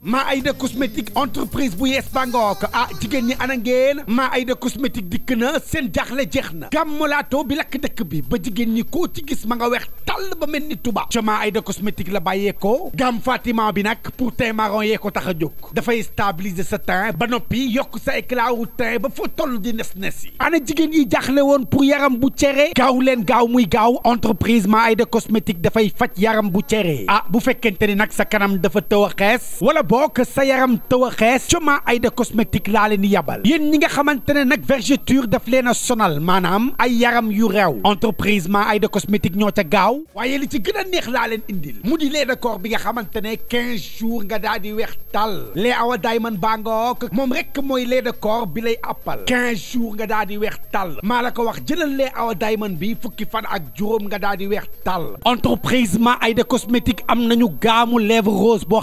maa ay da cosmétique entreprise bu yees bangook ah jigéen ñi ana ngeen maa ay da cosmétique dikk na seen jaaxle jeex na gàmmu laato bi lakk dëkk bi ba jigéen ñi koo ci gis ma nga weex tàll ba mel ni tubaab ca maa ay da cosmétique la bàyyee ko gamme Fatima bi nag pour teint marron yee ko tax a jóg dafay stabiliser sa teint ba noppi yokk sa éclat wu teint ba foo toll di nes nes yi ana jigéen yi jaaxle woon pour yaram bu cere gaaw leen gaaw muy gaaw entreprise maa ay da cosmétique dafay faj yaram bu cere ah bu fekkente ni nag sa kanam dafa tëw a xees bokk sa yaram taw a xees coma ay da cosmétique laa leen di yabal yéen ñi nga xamante ne nag vergeture daf leen a sonal maanaam ay yaram yu reew entreprise ma ay da cosmétique ñoo ca gaaw waaye li ci gën a neex laa leen indil mu di lait de corps bi nga xamante ne quinze jours nga daal di weex tal lait awa diamond baa nga wok moom rek mooy lee de corps bi lay appal quinze jours nga daal di weex tal maa la ko wax jëlal lait awa man bi fukki fan ak juróom nga daal di weex tal entreprise ma ay am nañu gaamu lèvre rose boo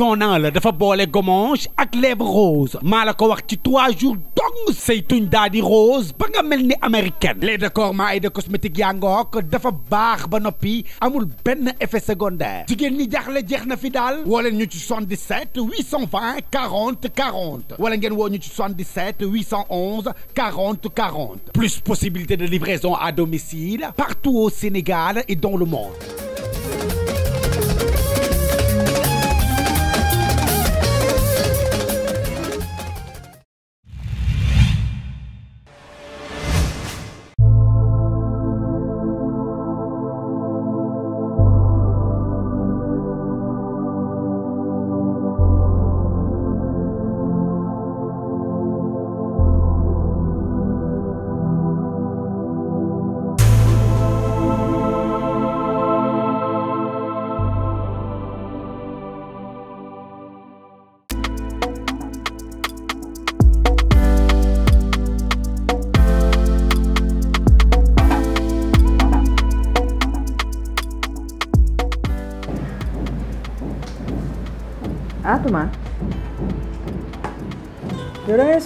sonant la dafa bolé gomonche ak lèvres rose malako wax ci 3 jours dong say dadi rose ba nga melni américaine les décorements et de cosmétiques yaa ngook dafa bax ba nopi amul ben effet secondaire jigen ni jaxlé jeex fi dal woo ñu ci 77 820 40 40 wala ngeen woo ñu ci 77 811 40 40 plus possibilité de livraison à domicile partout au Sénégal et dans le monde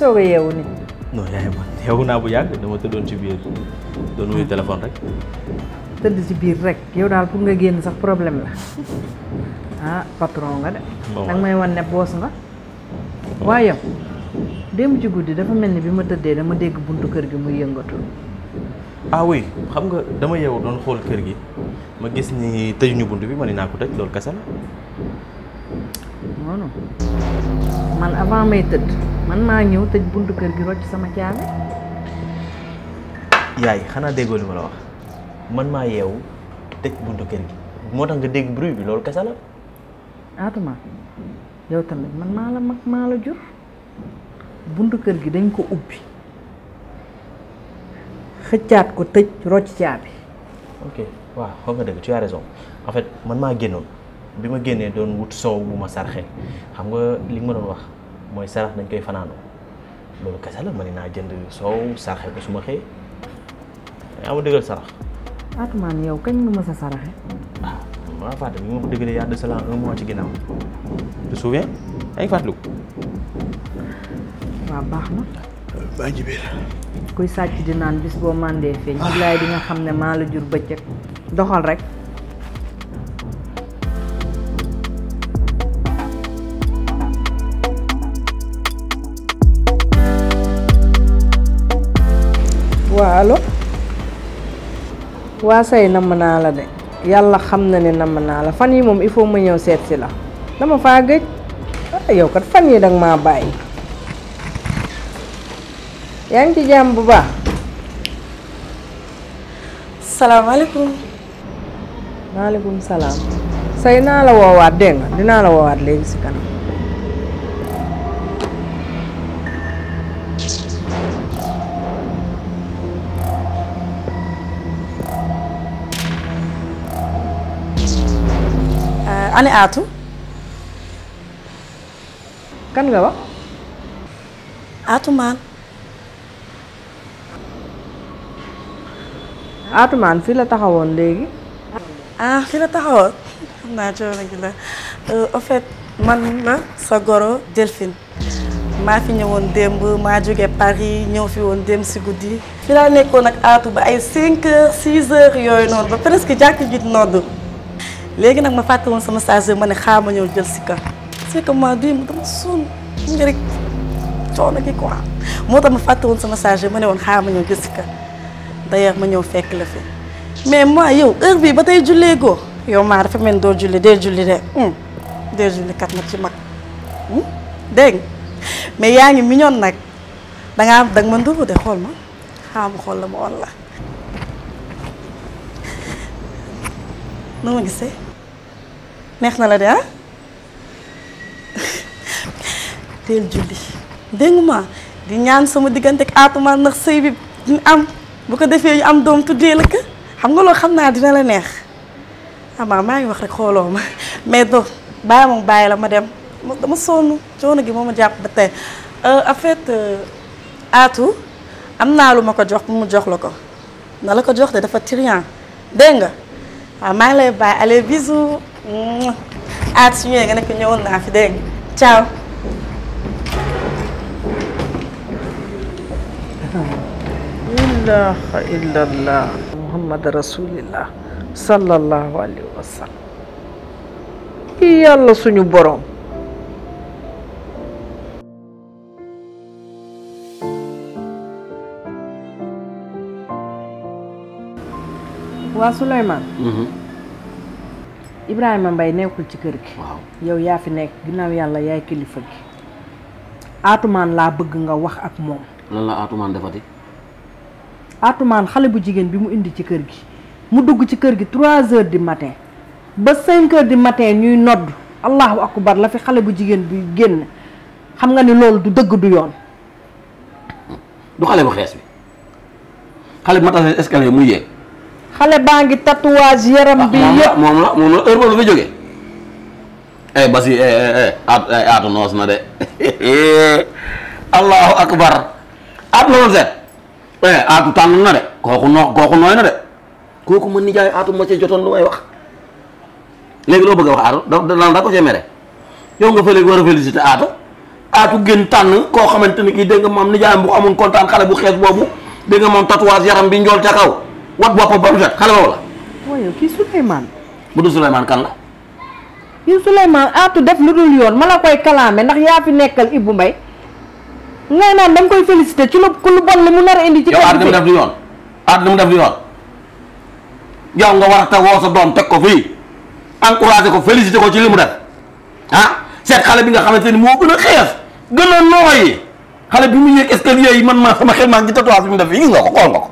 soog a yeewu ni non yaay man yeewu naa bu yàgg dama tëddoon ci biir doon wuyu téléphone rek tëdd ci biir rek yow daal pour nga génn sax problème la ah patron nga de danga may wan ne boos nga waaye yow démb ci guddi dafa mel ni bi ma tëddee dama dégg bunt kër gi muy yëngatu ah oui xam nga dama yeewu doon xool kër gi ma gis ni tëjuñu bunt bi ma ni naa ko tëj loolu kese la man avant may tëdd man maa ñëw tëj buntu kër gi rocc sama caabi. yaay xanaa déggoo li ma la wax man maa yeewu tëj buntu kër gi moo tax nga dégg bruit bi loolu kese la. Atuma yow tamit man maa la mag maa la jur buntu kër gi dañ ko ubbi xëccaat ko tëj rocc caabi. ok waaw xam nga dëgg tu as raison en fait man maa génnoon bi ma génnee doon wut soow bu ma sarxe xam nga li ma doon wax. mooy sarax dañ koy fanaanoo loolu kese la mën naa jënd soow saraxe ko su ma xëyee yaa ma dëggal sarax. Atoumane ah, yow kañ nga mës a saraxe. ah maa fàtte bi ma ko dëggalee yaa de cela un mois ci ginnaaw. te souvent ay fàttaliku. waaw baax na. baa ngi kuy sàcc di naan bis boo mandee feeñ. bilaay di xam ne maa la jur bëccëg doxal rek. allo wa say nam na la de yalla xam na ne namm naa la fan yi mom il faut ma ñew set ci la dama fa gej ah, yow kat fan yi danga ma bàyyi yang ci jam bu wa say na la de nga dina la legi si kanam ane aatu kan nga wax aatu maan aatu la taxawoon léegi ah fii la taxawoon xam naa euh, fait man na sa goro Delphine maa fi ñëwoon démb maa jóge Paris ñëw fi woon démb si guddi fi laa nekkoon ak aatu ba ay 5 heures 6 heures yooyu noonu ba presque jàkk ji nodd léegi nag ma fàtte woon sama stage ma ne xaar ma ñëw jël si ka c'est que ma duy ma dama sonn nga rek coono gi quoi moo tax ma fàtte woon sama stage ma ne woon xaar ma ñëw jël si ka ma ñëw fekk la fi mais mois yow heure bii ba tey jullee goo yow maa dafa mel doo julli dee julli de hmm, dee julli kat ci mag hmm, dégg mais yaa ngi miñoon nag da am dag nga ma nduru de xool ma xaar xool la ma wan la. noo ma gisee neex na la de ah teel julli dégg di ñaan sama diggante ak Atoumane ndax sëy bi dina am bu ko defee ñu am doom tuddee la ko xam nga loolu xam naa dina la neex amaa ah, maa ngi wax rek xooloo ma mais do bàyyi moom bàyyi la ma dem dama sonn coono gi moo ma jàpp ba tey euh, en fait euh, Atou am naa lu ma ko jox mu jox la ko na la ko jox de dafa trian dégg nga waaw ah, maa ngi lay aat su ah, ñëwee nga ne ko ñëwoon naa fi dégg ciao. ilaha illallah muhammad rasulillah sallallahu alayhi suñu borom. waa Souleymane. Mhm. Ibrahima nekkul ci kër gi. waaw yaa fi nekk ginnaaw yàlla yaay kilifa gi. Atoumane laa bëgg nga wax ak moom. lan la Atoumane defati. Atoumane xale bu jigéen bi mu indi ci kër gi mu dugg ci kër gi trois heures di matin ba cinq heures du matin ñuy nodd allahu akbar la fi xale bu jigéen buy génn xam nga ni loolu du dëgg du yoon. du xale bu xees bi xale bu ma tax escalier muy yéeg. xale baangi tatouage yaram ah, bi yëpp mom la mom eh, la heure boobu fi jógee eh basi eh eh, eh at eh, atu nos na de allah akbar at non woon eh atu tan na de koku no koku noy na de kooku ni nijaay atu ma ci jotoon lu may wax léegi lo bëgg wax atu da lan da ko ci mere yow nga fa wara war a atu atu gën tànn koo xamante ni kii dégg ni maam bu amoon contane xale bu xees bobu dégg nga tatouage yaram bi ñol ca kaw wat boppam ba mu set xale boobu la. waaw yow kii Souleymane. mu dul Souleymane kan la. yow Souleymane aatu def lu dul yoon ma la koy kalaame ndax yaa fi nekkal Ibou Mbaye ngay naan danga koy félicité ci lu ku lu bon li mu nar a indi. ci yow aat li mu def du yoon yow nga war a tawoo sa doom teg ko fii encouragé ko félicité ko ci li mu def ah seet xale bi nga xamante ni moo gën a xees gën a nooyi xale bi mu yéeg escalier yi man ma sama xel maa ngi tatouage bi mu def ko.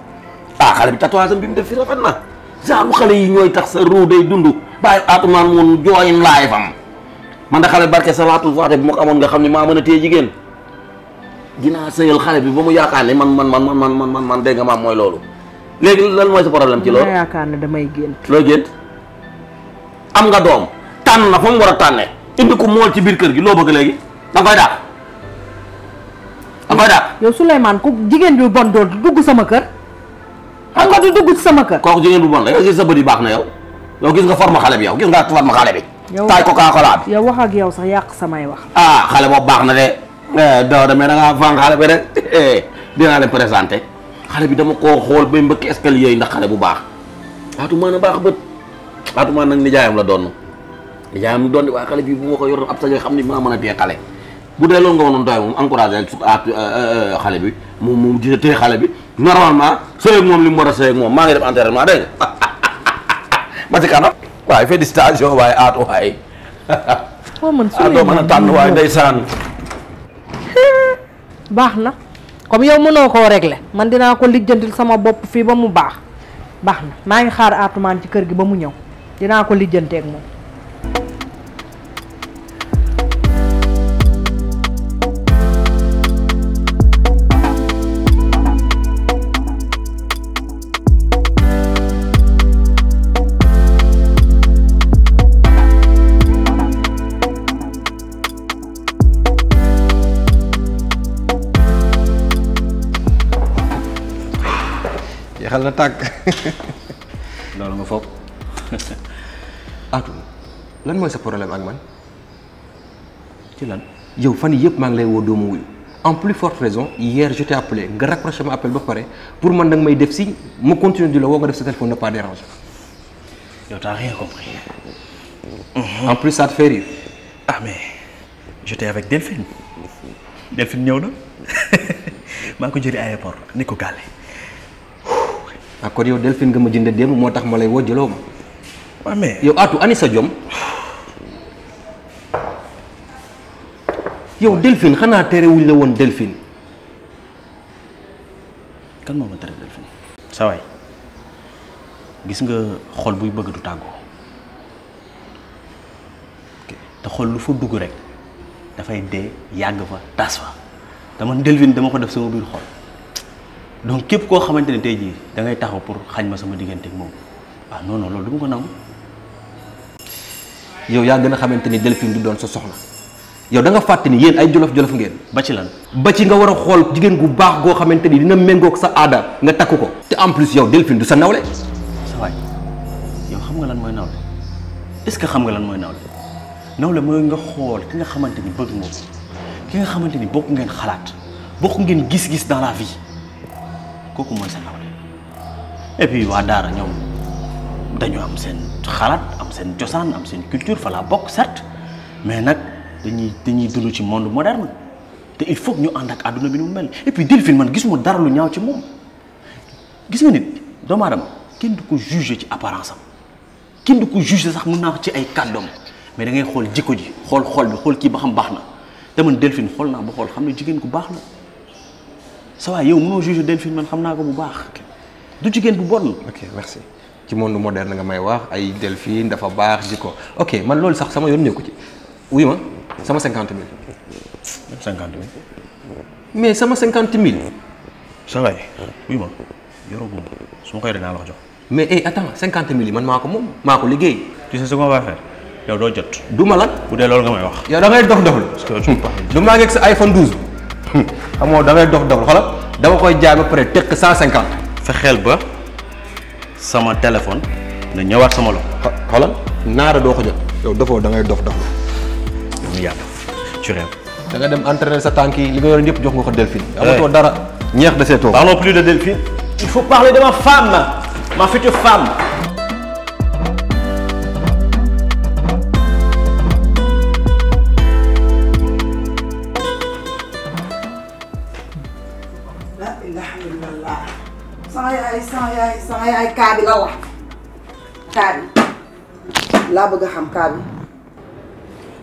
ah bi tatouage bi mu def fi rafet na jaamu xale yi ñoy tax sa ruu day dundu bay atumaan mun joyim laay fam man da xale barke salatu faate bu ma ko nga xamni ne maa mën jigen dina jigéen xale bi bu mu yaakaar man man man man man man man de nga ma moy lolu léegi lan moy sa problème ci lolu ma damay gént lo gént am nga dom tan na fa mu wara tané indi ko mol ci bir kër gi lo bëgg léegi da koy da da koy dàq yow Souleymane ku bon do dugg sama kër xam eh, oh. ah, eh, eh, nga du dugg ci sama kër kooku jigéen bu bon la yow gis sa bëri baax na yow yow gis nga forme xale bi yow gis nga forme xale bi taay ko kaa xolaa bi yow wax ak yow sax yàq samay wax ah xale boobu baax na de doo demee da ngaa fànq xale bi rek dinaa leen présenté xale bi dama koo xool bay mbëkki escalier ndax xale bu baax Atoumane nijaayam la nijaayam di waa xale bi bu ab sa bu dee loolu nga woon doy moom encouragé rek euh, euh, euh, xale bi moom moom dina téye xale bi normalement sëy ak moom li mu war a sëy moom maa ngi def enterrement dégg nga ma ci kanam waaye félicitation waaye waaye foo mën su doo mën baax na comme yow mënoo koo régler man dinaa ko lijjantil sama bopp fii ba mu baax baax na maa ngi xaar aatumaan ci kër gi ba mu ñëw dinaa ko lijjanteeg moom Non, Je nga sa problème ak man. ci yow en plus forte raison hier je t'ai appelé nga raccroché ma appel ba pour man may def de téléphone ne pas déranger. rien compris. Mm-hmm. en plus ça te fait rire. ah mais j'étais avec Delphine. Delphine ñëw na ne ko aéroport ni d'accord yow Delphine nga ma jënd démb moo tax ma lay woo jëloo ma. waaw mais yow Atou ani sa jom. yow Delphine xanaa terewuñ la woon Delphine. kan moo ma tere Delphine. sa gis nga xol buy bëgg du tàggoo te xol lu fa dugg rek dafay dee yàgg fa tas fa dama Delphine dama ko def sama biir xol. donc kep ko xamanteni tay ji da ngay taxaw pour xañ ma sama digënté ak mom ah non non loolu du ko nangu. yow ya gëna xamanteni Delphine du doon sa soxla yow da nga fàtte ni ay jolof jolof ngeen. ba ci lan ba ci nga wara xol digën gu baax go xamanteni dina mengo ak sa ada nga takku ko. te en plus yow Delphine du sa nawlé sa way yow xam nga lan moy nawlé est-ce que xam nga lan moy nawlé nawlé moy nga xol ki nga xamanteni bëgg mo ki nga xamanteni bokku ngeen xalaat bokku ngeen gis-gis dans la vie. kooku mooy sa nawle et puis wa dara ñom dañu am sen xalat am sen cosaan am sen culture fa la bokk certes mais nak dañuy dañuy dund ci monde moderne te il faut ñu and ak aduna bi ni mel et puis Delphine man gisuma dara lu ñaaw ci mom gis nga nit doomu aadama kenn du ko juger ci apparence am kenn du ko juger sax mun naa ci ay kaddom mais da ngay xol jikko ji xol xol bi xol ki ba xam baxna na te man Delphine xol na ba xol xam ne jigen ku baxna ça va, yow juger Delphine man ko bu baax du bon. ok merci ci monde moderne nga may wax ay Delphine dafa baax 50 ok 000. Mais sax sama ci cinquante mais sama cinquante mille. sa oui c'est..? ma bon koy la mais eh attends cinquante mille Tu man maa pas Tu maa vas tu sais ce qu'on va faire yow tu du ma Tu nga may wax. yow da ngay que xam hmm. dangay da ngay dox dox xoolal dama koy jaay ba pare tëkk cent cinquante. fexeel ba sama téléphone na ñëwaat sama loxo. xoolal naara doo ko jot yow dafoo da ngay dof dof yow yàlla ci réew. danga dem entraîner sa tànk yi li nga yoroon yëpp jox nga ko Delphine. Eh. amatoo dara ñeex de seetoo. parlons plus de Delphine. il faut parler de ma femme ma future femme. ay ay kaa bi la wax kaa la bëgg a xam kaa bi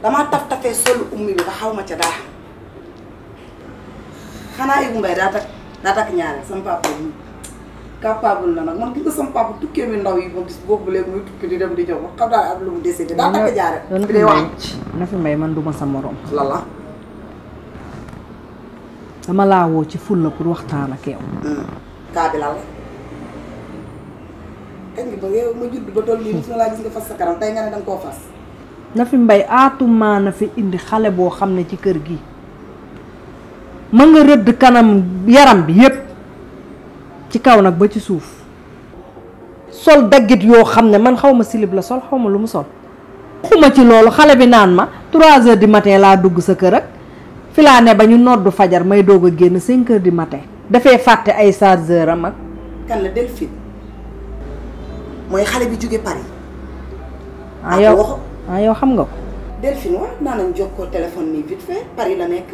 damaa taf tafé sol ummi bi ba xawma ci da xana ay gumbay da tak da tak daa sama papa bi capable na nak man ki nga sama papa tukkee mi ndaw yi ma gis boobu léegi muy tukki di dem di jox wax xam daal am lu mu décidé da tak jaare bi lay wax na fi may man duma sa morom la dama laa woo ci fulla pour waxtana kew ka bi la lala kañ nga ba na laa gis fi mbay aatumaa a fi indi xale boo xam ne ci kër gi ma nga rëdd kanam yaram bi yépp ci kaw nag ba ci suuf sol daggit yoo xam ne man xaw ma silib la sol xaw ma lu mu sol xuma ci loolu xale bi naan ma trois heures di matin laa dugg sa kër ak fi laa ba ñu noddu fajar may doog a génn cinq kër di matin dafay fàtte ay chargeur am ak kan la Delphine mooy xale bi jóge Paris. ah yow ah xam nga ko. Delphine waaw naa nañ jokkoo téléphone nii vite fait Paris la nekk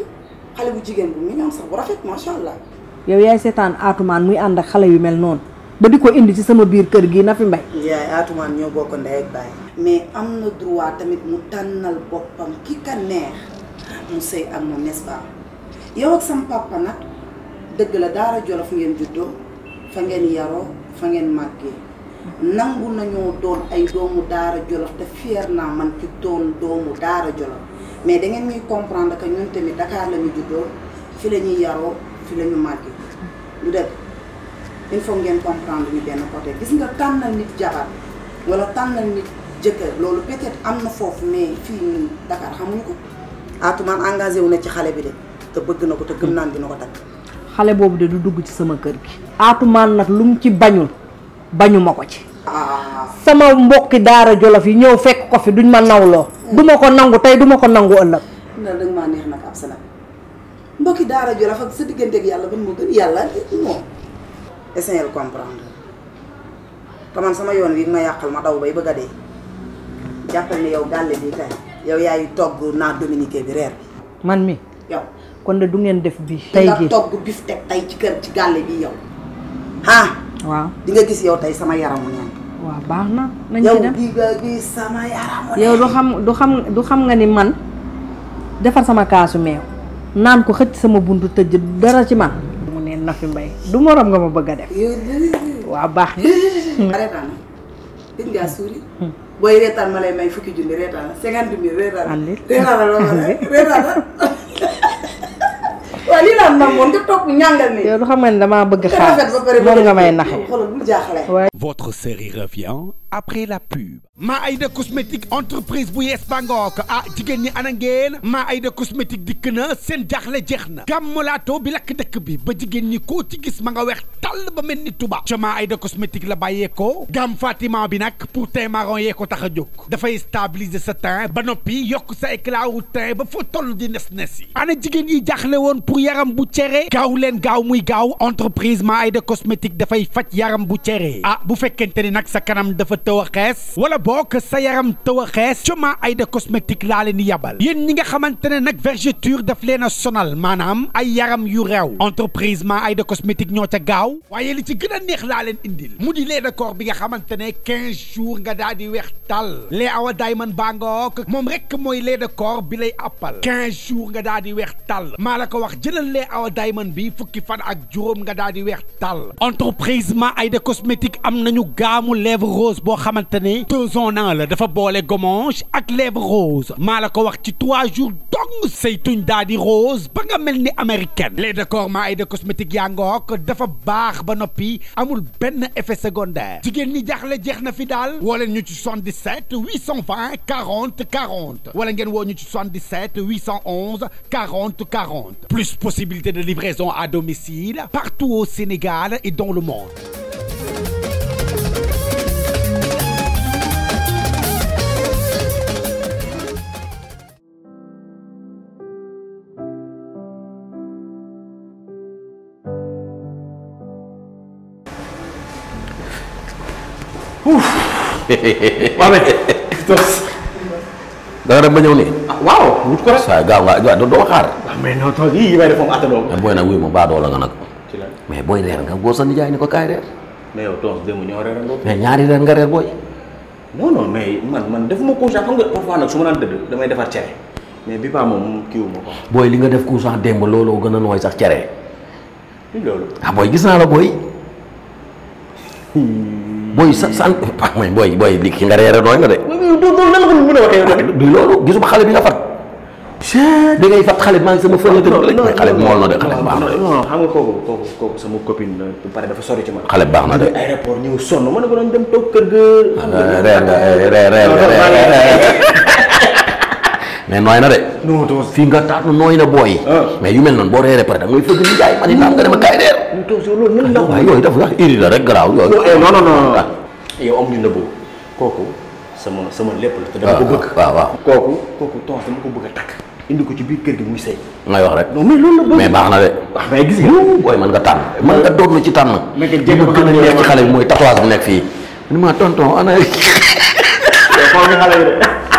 xale bu jigéen bu mignon sax bu rafet macha allah. yow yaay seetaan Atoumane muy ànd ak xale yu mel noonu ba di ko indi ci sama biir kër gii na fi mbay. yaay Atoumane ñoo bokk ndey ak baay. mais am na droit tamit mu tànnal boppam ki ka neex mu sëy ak moom n'est-ce yow ak sama papa nag dëgg la daara jolof ngeen juddoo fa ngeen yaroo fa ngeen màggee. nangu nañoo doon ay doomu daara jolof te fier naa man ci doon doomu daara jolof mais da ngeen ñuy comprendre que ñun tamit Dakar la ñu juddoo fi la ñuy yaroo fi lañu ñu màggee lu dëgg il ngeen comprendre ñu benn côté gis nga tànnal nit jabar wala tànnal nit jëkkër loolu peut am na foofu mais fii ñun Dakar xamuñu ko Atoumane engagé wu na ci xale bi de te bëgg na ko te gëm naan dina ko takk xale boobu de du dugg ci sama kër gi Atoumane nag lu ci bañul bañu mako ci ah. sama mbokk daara jollof yi ñew fekk ko fi duñ ma nawlo duma ko nangu tay duma ko nangu ëlëk na dag ma neex nak absalam mbokk daara jollof ak sa digënté ak yalla bu mu gën yalla mo essayer comprendre taman sama yoon wi ma yakal ma daw bay bëgga dé jappal ni yow galé bi tay yow yaay togg na dominiqué bi rër man mi yow kon da du ngeen def bi tay gi togg bi biftek tay ci kër ci galé bi yow ha Ya, ya, Wah, di nga gis yow sama yaramu neen waaw baax na nañ ci dem yow di nga gis sama yaramu neen yow du xam du xam du xam nga ni man defar sama kaasu meew naan ko xëcc sama buntu tëj dara ci man mu ne Nafi Mbaye du morom nga ma bëgg a def waaw baax na reetaan dañ ngaa suuri booy reetaan may fukki Votre série revient après la pub. Ma cosmétique entreprise Bouyes yes a ah jigéen ñi ana cosmétique dikna sen jaxle jaaxle jeex na gàmmu bi lak dëkk bi ba jigéen ñi ci gis ma nga ba cosmétique la bayeko. Gam Fatima bi nak pour teint marron yee ko tax a jóg stabiliser sa teint ba nopi yok sa éclat ou teint ba fo toll di ana yi pour yaram bu cere gaw len muy entreprise maa cosmétique da cosmétique fat yaram bu a ah bu fekkente ni sa kanam tëw a xees wala bokk sa yaram tëw a xees coma ay cosmétique laa leen di yabal yéen ñi nga xamante ne nag vergeture def leen a sonal maanaam ay yaram yu reew entreprise ma Aïda cosmétique ñoo ca gaaw waaye li ci gën a neex laa leen indil mu di lait de corps bi nga xamante ne quinze jours nga daal weex tàll lait awa diamond baa nga wok moom rek mooy lee de corps bi lay appal quinze jours nga daal di weex tàll maa la ko wax jëlal lait awa diamond bi fukki fan ak juróom nga daal di weex tàll entreprise ma am nañu gaamu lèvre xamantene xamante deux en un la dafa bolé gommage ak lèvre rose malako wax ci trois jours dong saytuñ daal di rose ba nga melni américaine les décors ma ay de cosmétique yangok dafa bax ba nopi amul ben effet secondaire jigen ni jaaxle jexna fi dal woo ñu ci 77 820 40 40 wala ngeen woo ñu ci 77 811 40 40 plus possibilité de livraison à domicile partout au Sénégal et dans le monde ouf. da dem ba ñëw nii. Ah, waaw wut ko rek. saa gaaw nga doo xaar. waaw ah, mais non toog yii yi may def moom àtte doomu. booy nag wuyu ma baa doola nga nag. mais booy reer nga góor sa nijaay ni ko kaay reer. mais yow toog démb ñoo ñaari reer nga reer booy. non mais man man defuma couche xam nga naan dëdd damay defar mais bi baa moom kiiwu ma booy li nga def couche démb looloo gën a nooy sax cere. loolu. ah booy gis naa la booy. booy sa sa ah, mooy booy booy li ki nga reere nooy na de. du loolu gisuma xale bi nga fat da ngay fat xale bi maa ngi sama fële tëdd xale bi mool na de xale baax na non xam nga kooku kooku kooku sama copine la bu pare dafa sori ci man xale baax na de aéroport ñëw sonn ma ne ko doon dem toog kër ga ah, reer reer reer mais nooy na de. fii nga taatu nooy na booy. Ah. mais yu mel noonu boo reeree pare da ngay fëgg ni jaay man itam nga dem ak kaay reer. loolu la waaye rek garaaw yooyu. Oh, eh, non non non ah. yow kooku sama sama lépp la. ko ah, bëgg waaw waaw kooku kooku tonse ko bëgg a ko ci biir kër gi muy sëy wax rek. non mais mais baax na de. wax mais gis nga booy na nga tànn. mën nga doon ci tànn. mais que jéem gën a xale bi mooy tatouage bu nekk fii. ni ma tonton ana. mais xool nga xale yi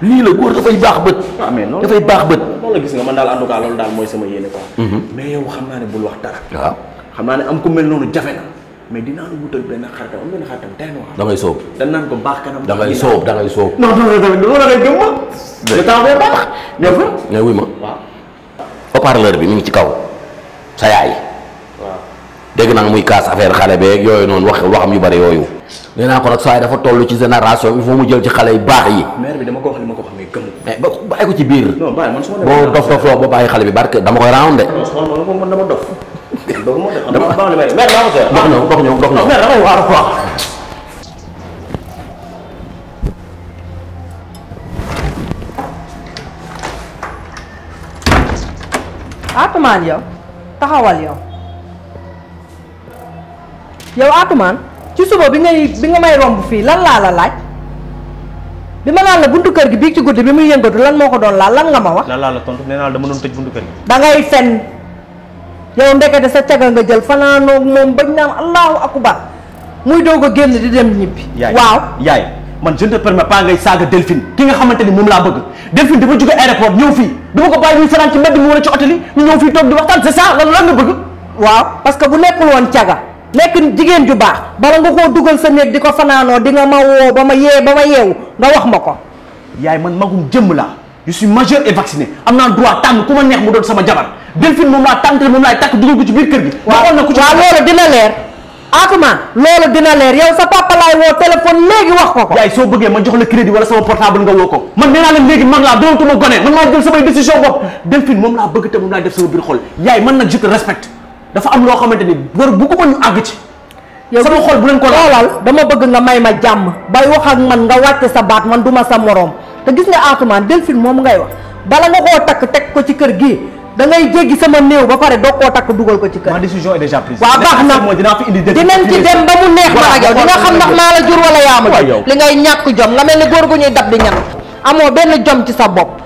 lii la góor dafay baax bët. Ah, mais noonu dafay baax bët. noonu gis nga man daal en tout cas loolu daal mooy sama yéene quoi. Mhm. mais yow xam naa ne bul wax dara. waaw xam naa ne am ku mel noonu jafe na mais dinaa la wutal benn xaritam am benn xaritam tey da ngay soob da ko baax kanam. da ngay soob da ngay soob. non non non loolu da ma. le temps bee baax. ñëw fa. mais wuy ma. waaw. haut-parleur bi mi ngi ci kaw sa dégg naa muy kaas affaire xale beeg yooyu noonu wax waxam yu bëri yooyu. nee naa ko nag saa yi dafa toll ci génération il faut mu jël ci xale yu baax yi. maire bi dama ko wax li ma ko wax eh, ba bàyyi ko ci biir. non bàyyi boo dof dof loo ba bàyyi xale bi barke dama koy round de. non su ma man dama dof. dama dama dama li ko seet. dox ñëw dox ñëw dox ñëw. taxawal yow atuman ci suba bi ngay bi nga may romb fi lan la la laaj bima ma laal la buntu kër gi bi ci guddi bi muy yëngatu lan moko ko doon laal lan nga ma wax. la laa la tontu neena dama doon tej buntu kër da ngay fen yow ndekete sa caga nga jël fanaanoog mom bañ nam allahu akbar muy dogo genn di dem ñibi waaw yaay man je ne te permets pas ngay saga Delphine ki nga xamanteni mom la bëgg Delphine dafa jóge aéroport ñëw fi dama ko bàyyi muy fanaan ci mbedd mu wala ci hôtel yi ñu ñëw fii toog di waxtan c'est ça lan lan nga bëgg. waaw parce que bu nekkul won tiaga nekk jigéen ju baax bala nga koo dugal sa néeg di ko fanaanoo di nga ma woo ba ma yee ba ma yeewu nga wax ma ko. yaay man magum jëmm laa je suis majeur et vacciné am naa droit tànn ku ma neex mu doon sama jabar Delphine moom laa tànn te moom laay takk dugal ko ci biir kër gi. wax ko ko. yaay soo bëggee ma jox la crédit wala sama portable nga woo ko man nee naa leen léegi mag laa doonatuma gone man maa jël samay décision bopp Delphine moom laa bëgg te moom laay yaay man nag je te dafa am loo xamante ni war bëgguma ñu àgg ci. yow sama xol bu leen ko laal dama bëgg nga may ma jàmm bay wax ak man nga wàcce sa baat man duma sa moroom te gis nga Atoumane Delphine moom ngay wax bala nga koo takk teg ko ci kër gi dangay ngay jéggi sama néew ba pare doo koo takk dugal ko ci kër. ma décision est déjà prise. waaw baax na dinañ ci dem ba mu neex ma ak yow di nga xam ndax maa la jur wala yaa li ngay ñàkk jom nga mel ni góor gu ñuy dab di ñan amoo benn jom ci sa bopp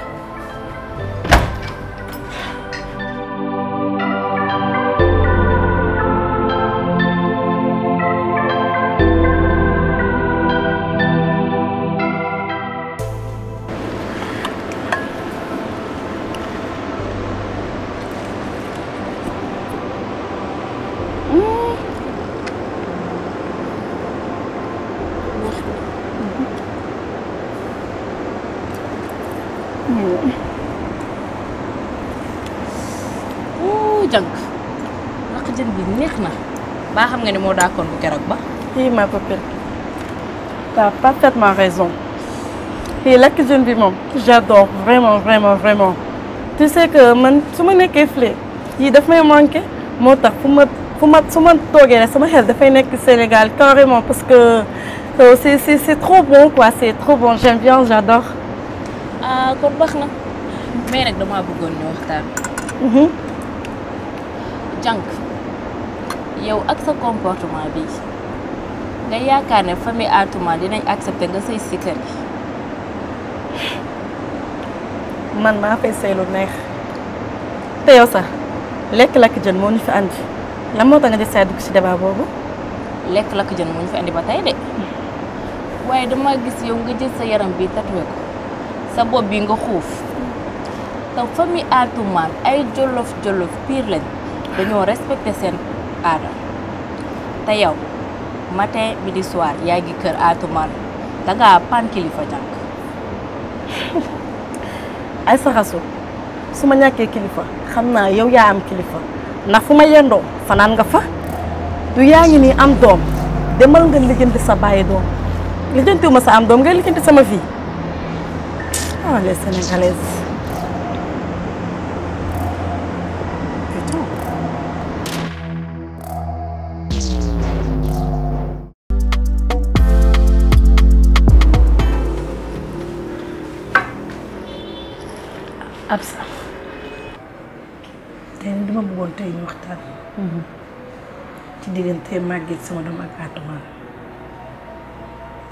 baa xam nga ni moo daakoon bu keroog ba. oui ma copine t'as ma raison fii la cuisine bi moom j'adore vraiment vraiment vraiment tu sais que man su ma nekkee fële yii daf may manqué moo tax fu ma fu ma su ma toogee rek sama xel dafay nekk Sénégal carrément parce que euh, c'est c'est c'est trop bon quoi c'est trop bon j'aime bien j'adore. ah kon baax na mais nag damaa bëggoon ñu waxtaan. Mhm. jànk. yow ak sa comportement bi nga yaakaar ne famille Atouma dinañ accepter nga sëy si kër gi man maa fay sëy lu neex te yow sax lekk lakk jën moo ñu fi andi lan moo tax nga di saa dugg si débat boobu lekk lakk jën moo ñu fi andi ba tey de waaye dama gis yow nga jël sa yaram bi tatoué ko sa bopp bi nga xuuf te famille Atouma ay jolof jolof piir lañ dañoo respecté seen aadama te yow matin midi soir yaa ngi kër Atoumane dangaa pan kilifa jànk ay saxasu su ma ñàkkee kilifa xam naa yow yaa am kilifa ndax fu ma yendoo fanaan nga fa du yaa ngi nii am doom demal nga lijjanti sa bàyyi doom lijjantiwuma sa am doom ngay lijjanti sama fille oh ah, les Absa tey dama bëggoon ñu waxtaan mhm. ci Maguette sama que.. ak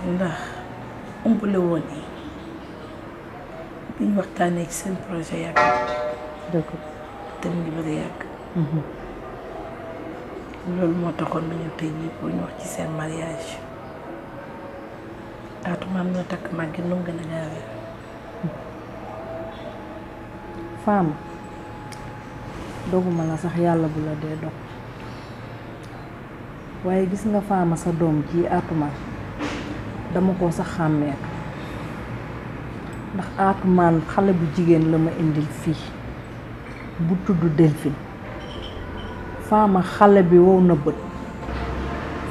ndax woon yi waxtaanee ci seen projet yàgg te ngi yàgg mhm. loolu pour ñu wax ci seen mariage am na Maguette nu mu femme doguma la sax yàlla bu la dee dog waaye gis nga faama sa doom ji aatuma dama ko sax xàmmee ndax aatumaan xale bu jigéen la ma indil fii bu tudd Delphine faama xale bi wow na bët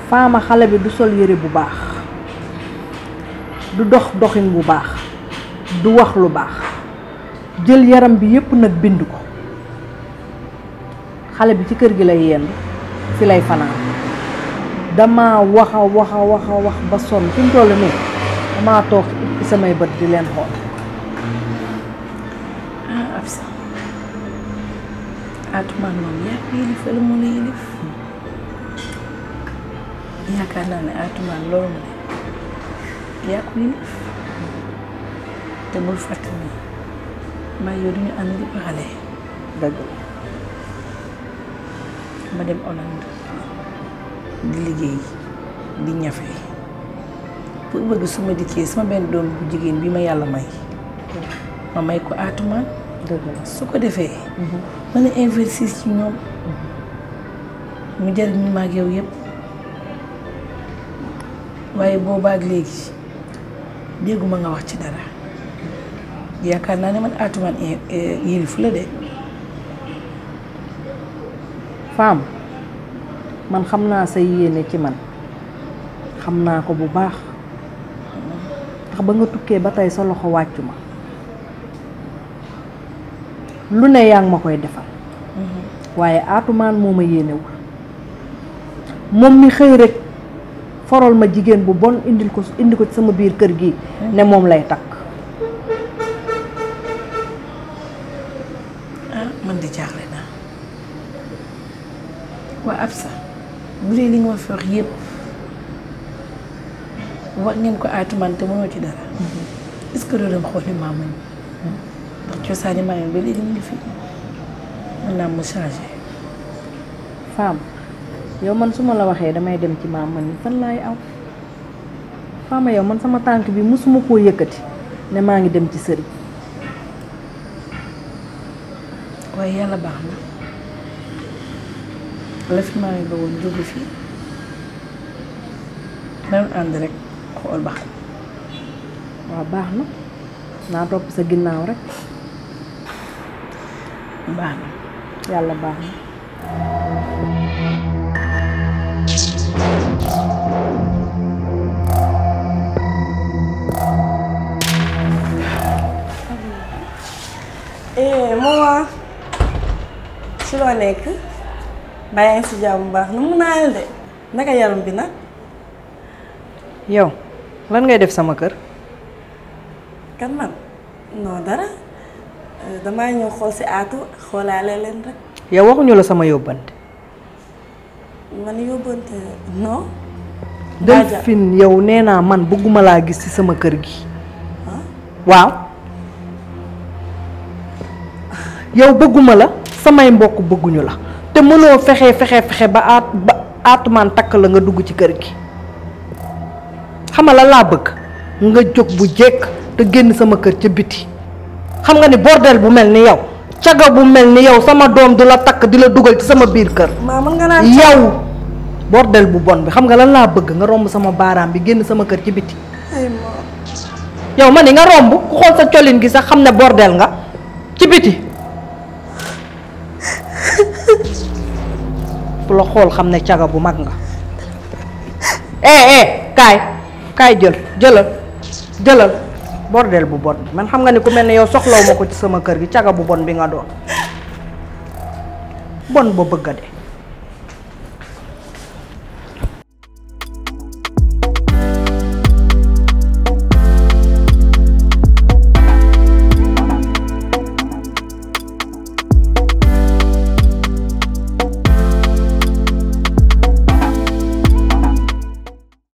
faama xale bi du sol yére bu baax du dox doxin bu baax du wax lu baax jël yaram bi yépp nag bind ko xale bi ci kër gi lay lay fanaan dama waxa waxa waxa wax ba sonn fi mu toll nii damaa toog ci samay bët di leen xool ah Absa Atoumane moom yaa ko yilif wala mu la yilif yaakaar naa ne Atoumane ah, loolu mu ne yilif te bul fàttali may yow dañu ànd di xale dëgg ma dem Hollande di liggéey di ñafe ma dikkee sama benn doom bu jigéen bi ma yàlla may ma may ko aatumaan su ko defee mën a investir ci ñoom mu ma ak yow yëpp waaye boobaag léegi dégguma nga yaakaar naa ne man Atoumane e, yilif la de. femme man xam naa say yéene ci man xam naa ko bu baax ndax ba nga tukkee ba tey sa loxo wàccu ma lu ne yaa ngi ma koy defal mm-hmm. waaye Atoumane moo ma yéenewul moom mi xëy rek forol ma jigéen bu bon indil ko indi ko ci sama biir kër gi mm-hmm. ne moom lay takk man di jaaxle naa waa Absa bu dee li nga ma fi wax yépp wax ngeen ko aatuman te mënoo ci dara mm-hmm. est-ce que doo maam mm-hmm. yi ba léegi naa mu changé femme yow man su ma la waxee damay dem ci maam man fan laay aw femme yow man sama tànk bi musuma koo yëkkati ne maa ngi dem ci sëriñ waaye yàlla baax na la fi maami ba woon jógu fi nan ànd rek xool ba waaw baax na naa topp sa ginnaaw rek baax na yàlla baax na lo nek bayang si jàmm bu nu mu naal de naka yaram bi nak yow lan ngay def sama kër. kan man no, dara eh, dama ñu xol ci atu xolale len rek. yow ñu la sama yóbbante. man yóbbante no Delphine ya, yow neena man bëgguma la gis ci sama kër gi. waaw. yow ya, bëgguma la samay mbokk bëgguñu la te mënoo fexé fexé fexé ba baat, ba aatumaan tak la nga dugg ci kër gi la la bëgg nga bu te génn sama kër ci biti xam nga ni bordel bu melni yow caga bu melni yow sama dom dula tak dila duggal ci sama biir kër yow bordel bu bon bi xam nga lan la bëgg nga romb sama barang, bi génn sama kër ci biti yow man nga romb ku xol sa colin gi sax bordel nga ci biti ku la xool xam ne caga bu mag nga eh eh kaay kaay jël jëlal jëlal bordel bu bon man xam nga ni ku mel ne yow soxlaw ko ci sama kër gi caga bu bon bi nga doon bon ba bëgg de